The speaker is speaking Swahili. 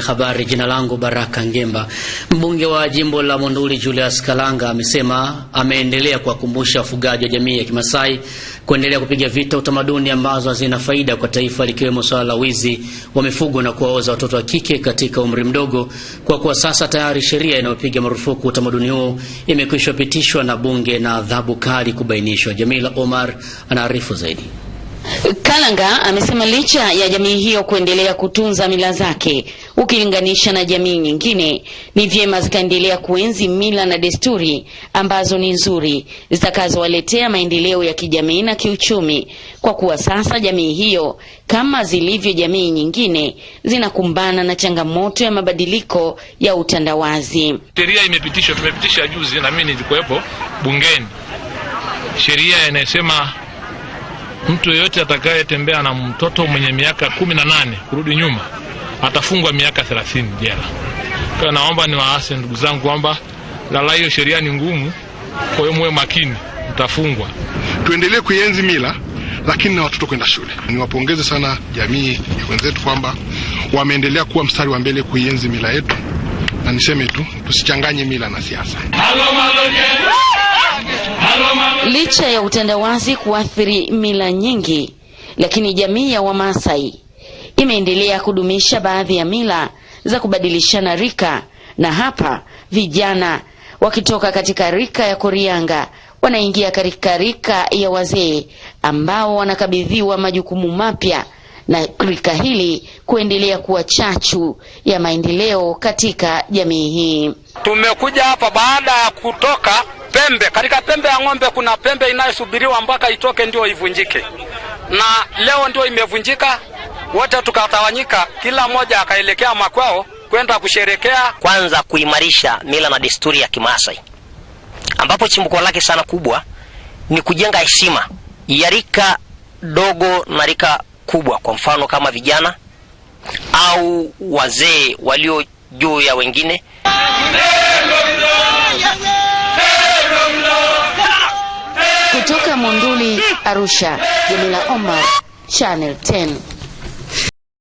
Habari. Jina langu Baraka Ngemba. Mbunge wa jimbo la Monduli Julius Kalanga amesema ameendelea kuwakumbusha wafugaji wa jamii ya Kimasai kuendelea kupiga vita utamaduni ambazo hazina faida kwa taifa, likiwemo swala la wizi wa mifugo na kuwaoza watoto wa kike katika umri mdogo, kwa kuwa sasa tayari sheria inayopiga marufuku utamaduni huo imekwishwapitishwa na bunge na adhabu kali kubainishwa. Jamila Omar anaarifu zaidi. Kalanga amesema licha ya jamii hiyo kuendelea kutunza mila zake ukilinganisha na jamii nyingine, ni vyema zikaendelea kuenzi mila na desturi ambazo ni nzuri zitakazowaletea maendeleo ya kijamii na kiuchumi, kwa kuwa sasa jamii hiyo kama zilivyo jamii nyingine zinakumbana na changamoto ya mabadiliko ya utandawazi. Sheria imepitishwa, tumepitisha juzi, na mimi nilikuwepo bungeni, sheria inayosema Mtu yeyote atakayetembea na mtoto mwenye miaka kumi na nane kurudi nyuma atafungwa miaka thelathini jela. Kwa naomba niwaase ndugu zangu kwamba lala hiyo sheria ni ngumu, kwa hiyo muwe makini, mtafungwa. Tuendelee kuienzi mila lakini na watoto kwenda shule. Niwapongeze sana jamii wenzetu kwamba wameendelea kuwa mstari wa mbele kuienzi mila yetu, na niseme tu tusichanganye mila na siasa. Licha ya utandawazi kuathiri mila nyingi, lakini jamii ya Wamaasai imeendelea kudumisha baadhi ya mila za kubadilishana rika, na hapa vijana wakitoka katika rika ya korianga wanaingia katika rika ya wazee ambao wanakabidhiwa majukumu mapya na rika hili kuendelea kuwa chachu ya maendeleo katika jamii hii. Tumekuja hapa baada ya kutoka pembe. Katika pembe ya ng'ombe kuna pembe inayosubiriwa mpaka itoke ndio ivunjike, na leo ndio imevunjika. Wote tukatawanyika, kila mmoja akaelekea makwao kwenda kusherekea, kwanza kuimarisha mila na desturi ya Kimaasai, ambapo chimbuko lake sana kubwa ni kujenga heshima ya rika dogo na rika kubwa, kwa mfano kama vijana au wazee walio juu ya wengine. Arusha. Jamila Omar, Channel 10.